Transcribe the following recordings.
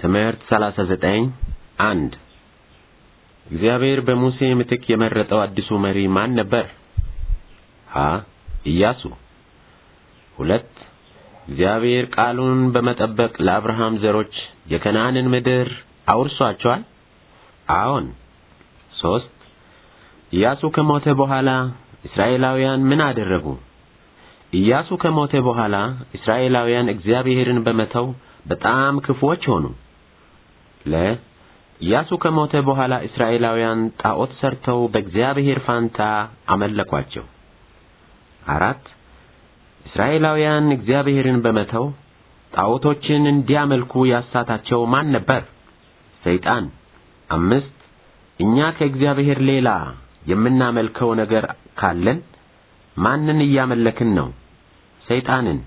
ትምህርት 39 አንድ እግዚአብሔር በሙሴ ምትክ የመረጠው አዲሱ መሪ ማን ነበር? ሀ ኢያሱ። ሁለት እግዚአብሔር ቃሉን በመጠበቅ ለአብርሃም ዘሮች የከነዓንን ምድር አውርሷቸዋል። አዎን። ሶስት ኢያሱ ከሞተ በኋላ እስራኤላውያን ምን አደረጉ? ኢያሱ ከሞተ በኋላ እስራኤላውያን እግዚአብሔርን በመተው በጣም ክፉዎች ሆኑ። ለ ኢያሱ ከሞተ በኋላ እስራኤላውያን ጣዖት ሰርተው በእግዚአብሔር ፋንታ አመለኳቸው። አራት እስራኤላውያን እግዚአብሔርን በመተው ጣዖቶችን እንዲያመልኩ ያሳታቸው ማን ነበር? ሰይጣን። አምስት እኛ ከእግዚአብሔር ሌላ የምናመልከው ነገር ካለን ማንን እያመለክን ነው? ሰይጣንን።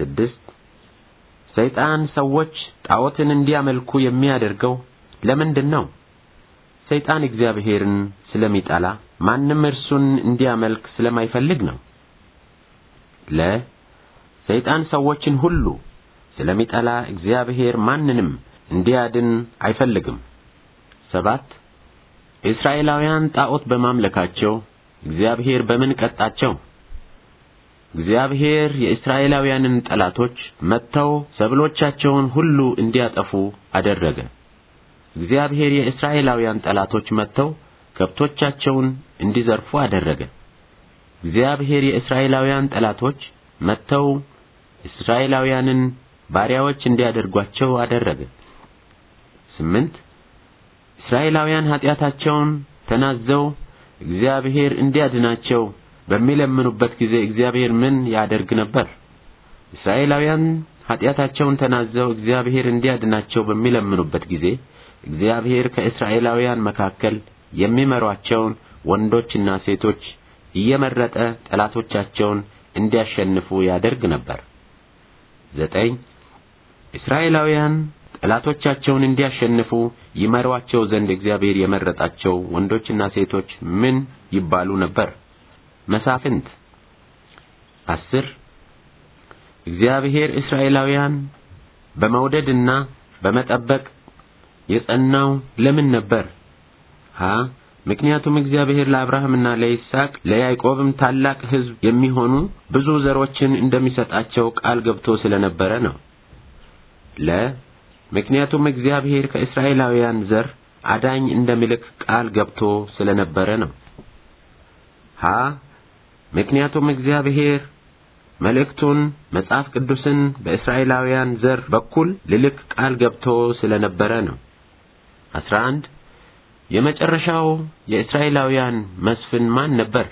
ስድስት ሰይጣን ሰዎች ጣዖትን እንዲያመልኩ የሚያደርገው ለምንድን ነው? ሰይጣን እግዚአብሔርን ስለሚጠላ ማንም እርሱን እንዲያመልክ ስለማይፈልግ ነው። ለ ሰይጣን ሰዎችን ሁሉ ስለሚጠላ እግዚአብሔር ማንንም እንዲያድን አይፈልግም። ሰባት እስራኤላውያን ጣዖት በማምለካቸው እግዚአብሔር በምን ቀጣቸው? እግዚአብሔር የእስራኤላውያንን ጠላቶች መጥተው ሰብሎቻቸውን ሁሉ እንዲያጠፉ አደረገ። እግዚአብሔር የእስራኤላውያን ጠላቶች መጥተው ከብቶቻቸውን እንዲዘርፉ አደረገ። እግዚአብሔር የእስራኤላውያን ጠላቶች መጥተው እስራኤላውያንን ባሪያዎች እንዲያደርጓቸው አደረገ። ስምንት እስራኤላውያን ኃጢአታቸውን ተናዘው እግዚአብሔር እንዲያድናቸው በሚለምኑበት ጊዜ እግዚአብሔር ምን ያደርግ ነበር? እስራኤላውያን ኃጢአታቸውን ተናዘው እግዚአብሔር እንዲያድናቸው በሚለምኑበት ጊዜ እግዚአብሔር ከእስራኤላውያን መካከል የሚመሯቸውን ወንዶችና ሴቶች እየመረጠ ጠላቶቻቸውን እንዲያሸንፉ ያደርግ ነበር። ዘጠኝ እስራኤላውያን ጠላቶቻቸውን እንዲያሸንፉ ይመሯቸው ዘንድ እግዚአብሔር የመረጣቸው ወንዶችና ሴቶች ምን ይባሉ ነበር? መሳፍንት አስር እግዚአብሔር እስራኤላውያን በመውደድና በመጠበቅ የጸናው ለምን ነበር? ሀ ምክንያቱም እግዚአብሔር ለአብርሃምና ለይስሐቅ ለያዕቆብም ታላቅ ሕዝብ የሚሆኑ ብዙ ዘሮችን እንደሚሰጣቸው ቃል ገብቶ ስለነበረ ነው። ለ ምክንያቱም እግዚአብሔር ከእስራኤላውያን ዘር አዳኝ እንደሚልክ ቃል ገብቶ ስለነበረ ነው። ሀ ምክንያቱም እግዚአብሔር መልእክቱን መጽሐፍ ቅዱስን በእስራኤላውያን ዘር በኩል ልልክ ቃል ገብቶ ስለነበረ ነው። 11 የመጨረሻው የእስራኤላውያን መስፍን ማን ነበር?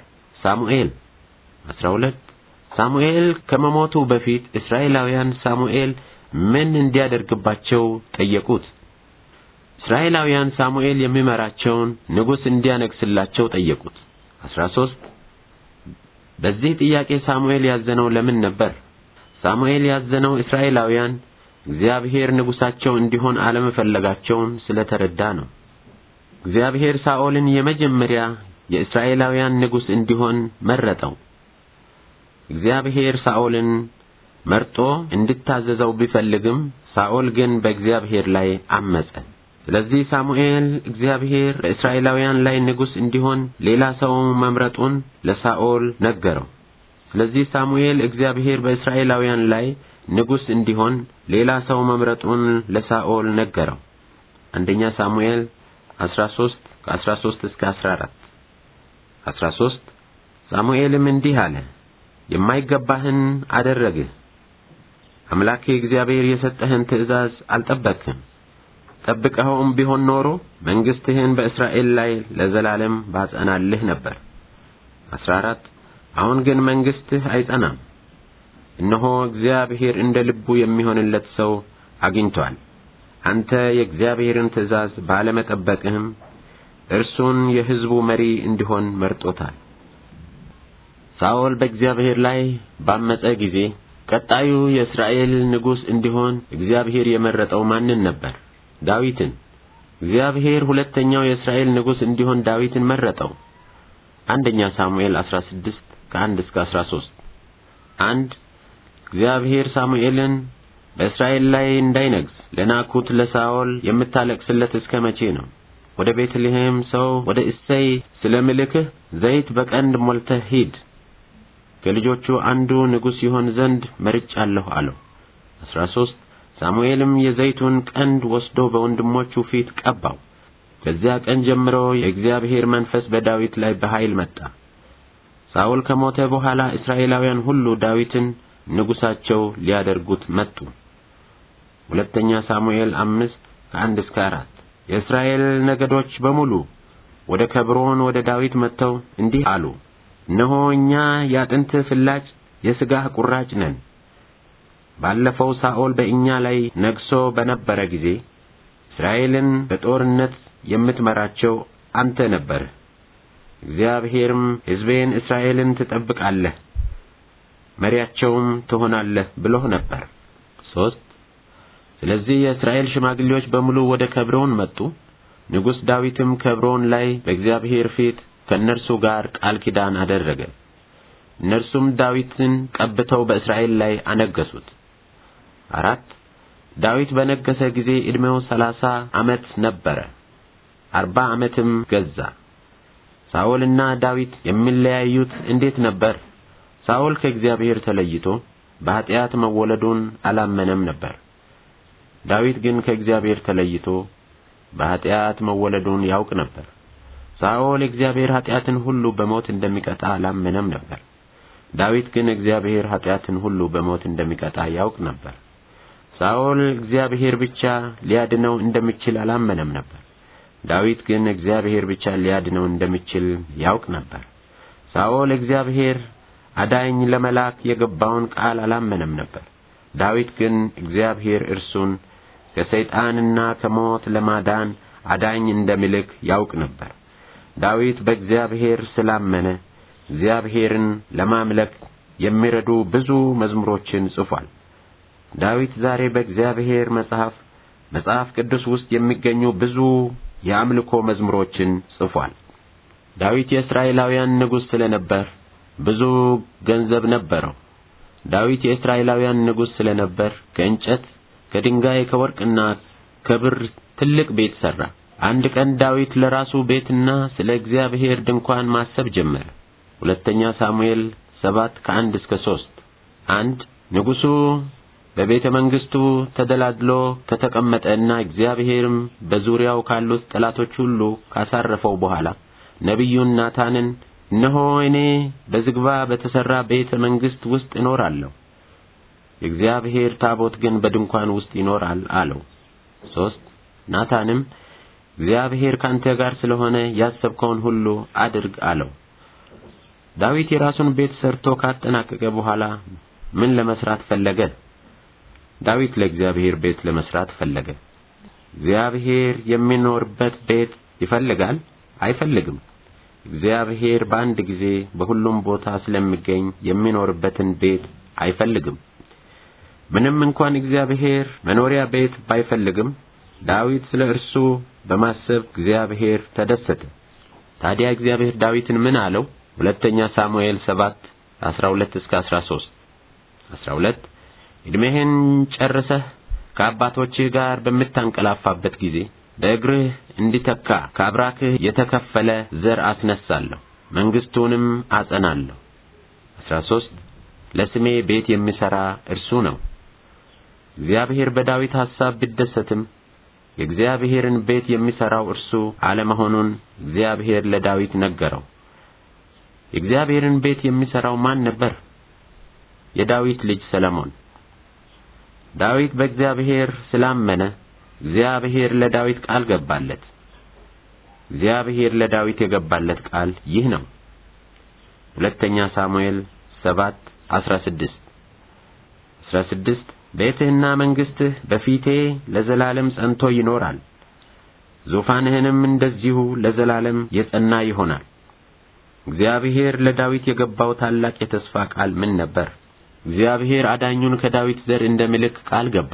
ሳሙኤል። 12 ሳሙኤል ከመሞቱ በፊት እስራኤላውያን ሳሙኤል ምን እንዲያደርግባቸው ጠየቁት? እስራኤላውያን ሳሙኤል የሚመራቸውን ንጉሥ እንዲያነግስላቸው ጠየቁት። 13 በዚህ ጥያቄ ሳሙኤል ያዘነው ለምን ነበር? ሳሙኤል ያዘነው እስራኤላውያን እግዚአብሔር ንጉሳቸው እንዲሆን አለመፈለጋቸውን ስለተረዳ ነው። እግዚአብሔር ሳኦልን የመጀመሪያ የእስራኤላውያን ንጉስ እንዲሆን መረጠው። እግዚአብሔር ሳኦልን መርጦ እንድታዘዘው ቢፈልግም ሳኦል ግን በእግዚአብሔር ላይ አመፀ። ስለዚህ ሳሙኤል እግዚአብሔር በእስራኤላውያን ላይ ንጉሥ እንዲሆን ሌላ ሰው መምረጡን ለሳኦል ነገረው። ስለዚህ ሳሙኤል እግዚአብሔር በእስራኤላውያን ላይ ንጉሥ እንዲሆን ሌላ ሰው መምረጡን ለሳኦል ነገረው። አንደኛ ሳሙኤል አስራ ሶስት ከአስራ ሶስት እስከ አስራ አራት አስራ ሶስት ሳሙኤልም እንዲህ አለ፣ የማይገባህን አደረግህ። አምላክህ እግዚአብሔር የሰጠህን ትእዛዝ አልጠበቅህም። ጠብቀኸውም ቢሆን ኖሮ መንግሥትህን በእስራኤል ላይ ለዘላለም ባጸናልህ ነበር። አስራ አራት አሁን ግን መንግሥትህ አይጸናም። እነሆ እግዚአብሔር እንደ ልቡ የሚሆንለት ሰው አግኝቷል። አንተ የእግዚአብሔርን ትእዛዝ ባለመጠበቅህም እርሱን የሕዝቡ መሪ እንዲሆን መርጦታል። ሳኦል በእግዚአብሔር ላይ ባመፀ ጊዜ ቀጣዩ የእስራኤል ንጉሥ እንዲሆን እግዚአብሔር የመረጠው ማንን ነበር? ዳዊትን እግዚአብሔር ሁለተኛው የእስራኤል ንጉሥ እንዲሆን ዳዊትን መረጠው። አንደኛ ሳሙኤል 16 ከ1 እስከ 13 አንድ እግዚአብሔር ሳሙኤልን በእስራኤል ላይ እንዳይነግስ ለናኩት ለሳኦል የምታለቅስለት እስከ መቼ ነው? ወደ ቤትልሔም ሰው ወደ እሰይ ስለ ምልክህ ዘይት በቀንድ ሞልተህ ሂድ፣ ከልጆቹ አንዱ ንጉሥ ይሆን ዘንድ መርጫለሁ አለው። አስራ ሦስት ሳሙኤልም የዘይቱን ቀንድ ወስዶ በወንድሞቹ ፊት ቀባው። ከዚያ ቀን ጀምሮ የእግዚአብሔር መንፈስ በዳዊት ላይ በኃይል መጣ። ሳኦል ከሞተ በኋላ እስራኤላውያን ሁሉ ዳዊትን ንጉሣቸው ሊያደርጉት መጡ። ሁለተኛ ሳሙኤል አምስት ከአንድ እስከ አራት የእስራኤል ነገዶች በሙሉ ወደ ከብሮን ወደ ዳዊት መጥተው እንዲህ አሉ፣ እነሆ እኛ የአጥንትህ ፍላጭ የሥጋህ ቁራጭ ነን። ባለፈው ሳኦል በእኛ ላይ ነግሶ በነበረ ጊዜ እስራኤልን በጦርነት የምትመራቸው አንተ ነበር። እግዚአብሔርም ሕዝቤን እስራኤልን ትጠብቃለህ፣ መሪያቸውም ትሆናለህ ብሎህ ነበር። ሦስት ስለዚህ የእስራኤል ሽማግሌዎች በሙሉ ወደ ከብሮን መጡ። ንጉሥ ዳዊትም ከብሮን ላይ በእግዚአብሔር ፊት ከእነርሱ ጋር ቃል ኪዳን አደረገ። እነርሱም ዳዊትን ቀብተው በእስራኤል ላይ አነገሱት አራት ዳዊት በነገሰ ጊዜ ዕድሜው ሰላሳ ዓመት ነበረ። አርባ ዓመትም ገዛ። ሳኦልና ዳዊት የሚለያዩት እንዴት ነበር? ሳኦል ከእግዚአብሔር ተለይቶ በኀጢአት መወለዱን አላመነም ነበር። ዳዊት ግን ከእግዚአብሔር ተለይቶ በኀጢአት መወለዱን ያውቅ ነበር። ሳኦል እግዚአብሔር ኀጢአትን ሁሉ በሞት እንደሚቀጣ አላመነም ነበር። ዳዊት ግን እግዚአብሔር ኀጢአትን ሁሉ በሞት እንደሚቀጣ ያውቅ ነበር። ሳኦል እግዚአብሔር ብቻ ሊያድነው እንደሚችል አላመነም ነበር። ዳዊት ግን እግዚአብሔር ብቻ ሊያድነው እንደሚችል ያውቅ ነበር። ሳኦል እግዚአብሔር አዳኝ ለመላክ የገባውን ቃል አላመነም ነበር። ዳዊት ግን እግዚአብሔር እርሱን ከሰይጣንና ከሞት ለማዳን አዳኝ እንደሚልክ ያውቅ ነበር። ዳዊት በእግዚአብሔር ስላመነ እግዚአብሔርን ለማምለክ የሚረዱ ብዙ መዝሙሮችን ጽፏል። ዳዊት ዛሬ በእግዚአብሔር መጽሐፍ መጽሐፍ ቅዱስ ውስጥ የሚገኙ ብዙ የአምልኮ መዝሙሮችን ጽፏል። ዳዊት የእስራኤላውያን ንጉሥ ነበር ብዙ ገንዘብ ነበረው። ዳዊት የእስራኤላውያን ንጉሥ ስለነበር ከእንጨት፣ ከድንጋይ፣ ከወርቅና ከብር ትልቅ ቤት ሠራ። አንድ ቀን ዳዊት ለራሱ ቤትና ስለ እግዚአብሔር ድንኳን ማሰብ ጀመረ። ሁለተኛ ሳሙኤል ሰባት ከአንድ እስከ ሦስት አንድ ንጉሡ በቤተ መንግሥቱ ተደላድሎ ከተቀመጠና እግዚአብሔርም በዙሪያው ካሉት ጠላቶች ሁሉ ካሳረፈው በኋላ ነቢዩን ናታንን እነሆ እኔ በዝግባ በተሠራ ቤተ መንግሥት ውስጥ እኖራለሁ፣ የእግዚአብሔር ታቦት ግን በድንኳን ውስጥ ይኖራል አለው። ሦስት ናታንም እግዚአብሔር ካንተ ጋር ስለሆነ ያሰብከውን ሁሉ አድርግ አለው። ዳዊት የራሱን ቤት ሰርቶ ካጠናቀቀ በኋላ ምን ለመስራት ፈለገ? ዳዊት ለእግዚአብሔር ቤት ለመስራት ፈለገ። እግዚአብሔር የሚኖርበት ቤት ይፈልጋል አይፈልግም። እግዚአብሔር በአንድ ጊዜ በሁሉም ቦታ ስለሚገኝ የሚኖርበትን ቤት አይፈልግም። ምንም እንኳን እግዚአብሔር መኖሪያ ቤት ባይፈልግም ዳዊት ስለ እርሱ በማሰብ እግዚአብሔር ተደሰተ። ታዲያ እግዚአብሔር ዳዊትን ምን አለው? ሁለተኛ ሳሙኤል 7 12 እስከ 13 12 ዕድሜህን ጨርሰህ ከአባቶችህ ጋር በምታንቀላፋበት ጊዜ በእግርህ እንዲተካ ከአብራክህ የተከፈለ ዘር አስነሳለሁ፣ መንግሥቱንም አጸናለሁ። አስራ ሦስት ለስሜ ቤት የሚሠራ እርሱ ነው። እግዚአብሔር በዳዊት ሐሳብ ቢደሰትም የእግዚአብሔርን ቤት የሚሠራው እርሱ አለመሆኑን እግዚአብሔር ለዳዊት ነገረው። የእግዚአብሔርን ቤት የሚሠራው ማን ነበር? የዳዊት ልጅ ሰለሞን ዳዊት በእግዚአብሔር ስላመነ እግዚአብሔር ለዳዊት ቃል ገባለት። እግዚአብሔር ለዳዊት የገባለት ቃል ይህ ነው። ሁለተኛ ሳሙኤል 7 16 ስድስት አስራ ቤትህና መንግሥትህ በፊቴ ለዘላለም ጸንቶ ይኖራል፣ ዙፋንህንም እንደዚሁ ለዘላለም የጸና ይሆናል። እግዚአብሔር ለዳዊት የገባው ታላቅ የተስፋ ቃል ምን ነበር? እግዚአብሔር አዳኙን ከዳዊት ዘር እንደሚልክ ቃል ገባ።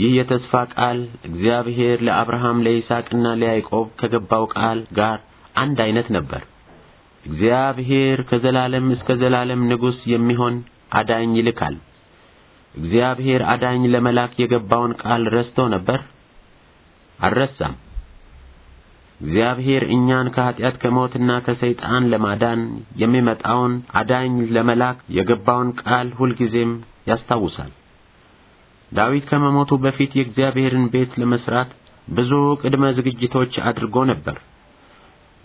ይህ የተስፋ ቃል እግዚአብሔር ለአብርሃም ለይስሐቅና ለያዕቆብ ከገባው ቃል ጋር አንድ አይነት ነበር። እግዚአብሔር ከዘላለም እስከ ዘላለም ንጉሥ የሚሆን አዳኝ ይልካል። እግዚአብሔር አዳኝ ለመላክ የገባውን ቃል ረስቶ ነበር? አልረሳም። እግዚአብሔር እኛን ከኃጢአት ከሞትና ከሰይጣን ለማዳን የሚመጣውን አዳኝ ለመላክ የገባውን ቃል ሁልጊዜም ያስታውሳል። ዳዊት ከመሞቱ በፊት የእግዚአብሔርን ቤት ለመስራት ብዙ ቅድመ ዝግጅቶች አድርጎ ነበር።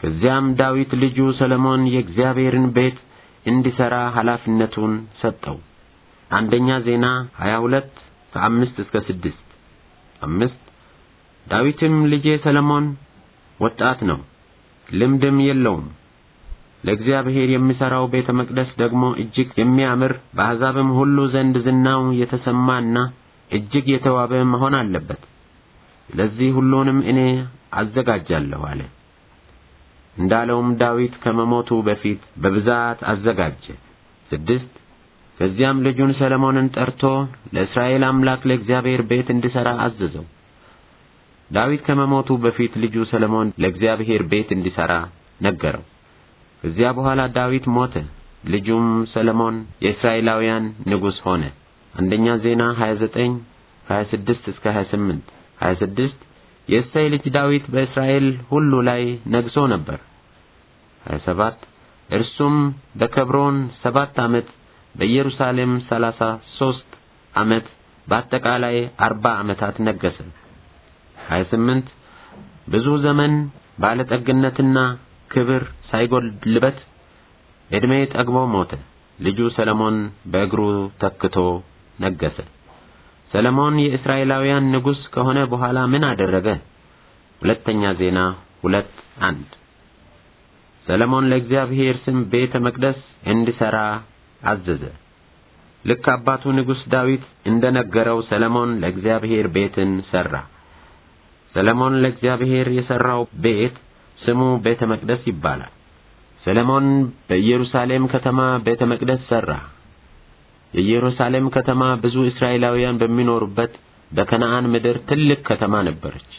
ከዚያም ዳዊት ልጁ ሰለሞን የእግዚአብሔርን ቤት እንዲሠራ ኃላፊነቱን ሰጠው። አንደኛ ዜና 22 ከአምስት እስከ ስድስት አምስት ዳዊትም ልጄ ሰለሞን ወጣት ነው፣ ልምድም የለውም። ለእግዚአብሔር የሚሠራው ቤተ መቅደስ ደግሞ እጅግ የሚያምር በአሕዛብም ሁሉ ዘንድ ዝናው የተሰማና እጅግ የተዋበ መሆን አለበት። ለዚህ ሁሉንም እኔ አዘጋጃለሁ አለ። እንዳለውም ዳዊት ከመሞቱ በፊት በብዛት አዘጋጀ። ስድስት ከዚያም ልጁን ሰለሞንን ጠርቶ ለእስራኤል አምላክ ለእግዚአብሔር ቤት እንዲሠራ አዘዘው። ዳዊት ከመሞቱ በፊት ልጁ ሰለሞን ለእግዚአብሔር ቤት እንዲሠራ ነገረው። ከዚያ በኋላ ዳዊት ሞተ፣ ልጁም ሰለሞን የእስራኤላውያን ንጉሥ ሆነ። አንደኛ ዜና 29 26 እስከ 28 26 የእሴይ ልጅ ዳዊት በእስራኤል ሁሉ ላይ ነግሶ ነበር። 27 እርሱም በከብሮን ሰባት ዓመት በኢየሩሳሌም 33 ሦስት ዓመት በአጠቃላይ አርባ ዓመታት ነገሠ። 28 ብዙ ዘመን ባለጠግነትና ክብር ሳይጎልበት እድሜ ጠግቦ ሞተ። ልጁ ሰለሞን በእግሩ ተክቶ ነገሰ። ሰለሞን የእስራኤላውያን ንጉሥ ከሆነ በኋላ ምን አደረገ? ሁለተኛ ዜና ሁለት አንድ ሰለሞን ለእግዚአብሔር ስም ቤተ መቅደስ እንዲሠራ አዘዘ። ልክ አባቱ ንጉሥ ዳዊት እንደነገረው ሰለሞን ለእግዚአብሔር ቤትን ሠራ። ሰለሞን ለእግዚአብሔር የሠራው ቤት ስሙ ቤተ መቅደስ ይባላል። ሰለሞን በኢየሩሳሌም ከተማ ቤተ መቅደስ ሠራ። የኢየሩሳሌም ከተማ ብዙ እስራኤላውያን በሚኖሩበት በከነአን ምድር ትልቅ ከተማ ነበረች።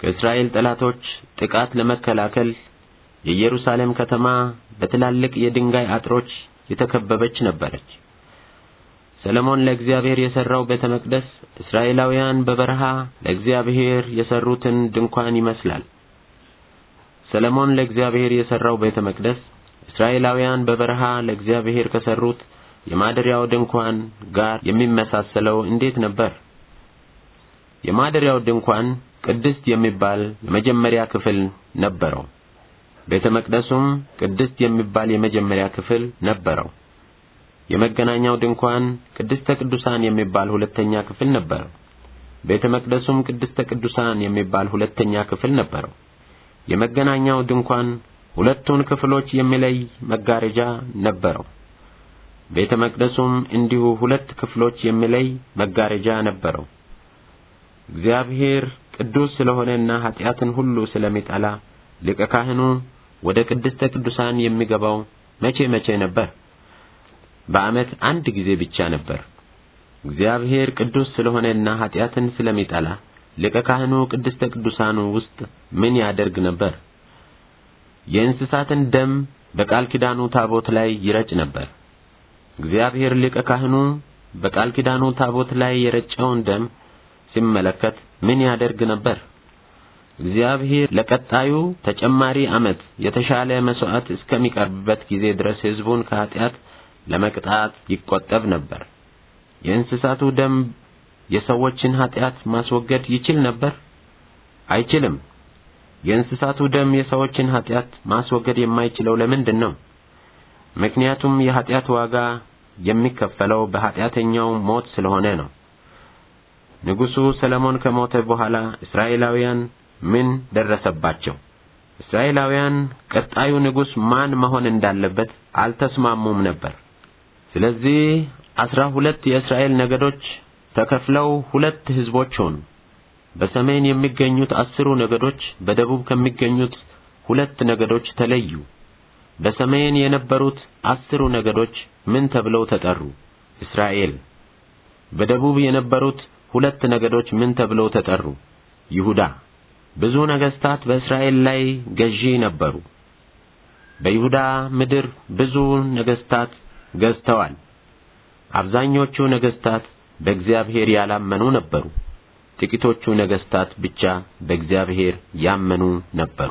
ከእስራኤል ጠላቶች ጥቃት ለመከላከል የኢየሩሳሌም ከተማ በትላልቅ የድንጋይ አጥሮች የተከበበች ነበረች። ሰለሞን ለእግዚአብሔር የሠራው ቤተ መቅደስ እስራኤላውያን በበረሃ ለእግዚአብሔር የሠሩትን ድንኳን ይመስላል። ሰለሞን ለእግዚአብሔር የሠራው ቤተ መቅደስ እስራኤላውያን በበረሃ ለእግዚአብሔር ከሠሩት የማደሪያው ድንኳን ጋር የሚመሳሰለው እንዴት ነበር? የማደሪያው ድንኳን ቅድስት የሚባል የመጀመሪያ ክፍል ነበረው። ቤተ መቅደሱም ቅድስት የሚባል የመጀመሪያ ክፍል ነበረው። የመገናኛው ድንኳን ቅድስተ ቅዱሳን የሚባል ሁለተኛ ክፍል ነበረው። ቤተ መቅደሱም ቅድስተ ቅዱሳን የሚባል ሁለተኛ ክፍል ነበረው። የመገናኛው ድንኳን ሁለቱን ክፍሎች የሚለይ መጋረጃ ነበረው። ቤተ መቅደሱም እንዲሁ ሁለት ክፍሎች የሚለይ መጋረጃ ነበረው። እግዚአብሔር ቅዱስ ስለሆነና ኀጢአትን ሁሉ ስለሚጠላ ሊቀ ካህኑ ወደ ቅድስተ ቅዱሳን የሚገባው መቼ መቼ ነበር? በዓመት አንድ ጊዜ ብቻ ነበር። እግዚአብሔር ቅዱስ ስለሆነና ኃጢአትን ስለሚጠላ ሊቀ ካህኑ ቅድስተ ቅዱሳኑ ውስጥ ምን ያደርግ ነበር? የእንስሳትን ደም በቃል ኪዳኑ ታቦት ላይ ይረጭ ነበር። እግዚአብሔር ሊቀ ካህኑ በቃል ኪዳኑ ታቦት ላይ የረጨውን ደም ሲመለከት ምን ያደርግ ነበር? እግዚአብሔር ለቀጣዩ ተጨማሪ ዓመት የተሻለ መሥዋዕት እስከሚቀርብበት ጊዜ ድረስ ሕዝቡን ከኃጢአት ለመቅጣት ይቆጠብ ነበር። የእንስሳቱ ደም የሰዎችን ኃጢአት ማስወገድ ይችል ነበር? አይችልም። የእንስሳቱ ደም የሰዎችን ኃጢአት ማስወገድ የማይችለው ለምንድን ነው? ምክንያቱም የኃጢአት ዋጋ የሚከፈለው በኃጢአተኛው ሞት ስለሆነ ነው። ንጉሡ ሰለሞን ከሞተ በኋላ እስራኤላውያን ምን ደረሰባቸው? እስራኤላውያን ቀጣዩ ንጉሥ ማን መሆን እንዳለበት አልተስማሙም ነበር። ስለዚህ አስራ ሁለት የእስራኤል ነገዶች ተከፍለው ሁለት ህዝቦች ሆኑ። በሰሜን የሚገኙት አስሩ ነገዶች በደቡብ ከሚገኙት ሁለት ነገዶች ተለዩ። በሰሜን የነበሩት አስሩ ነገዶች ምን ተብለው ተጠሩ? እስራኤል። በደቡብ የነበሩት ሁለት ነገዶች ምን ተብለው ተጠሩ? ይሁዳ። ብዙ ነገስታት በእስራኤል ላይ ገዢ ነበሩ። በይሁዳ ምድር ብዙ ነገስታት ገዝተዋል። አብዛኞቹ ነገሥታት በእግዚአብሔር ያላመኑ ነበሩ። ጥቂቶቹ ነገሥታት ብቻ በእግዚአብሔር ያመኑ ነበሩ።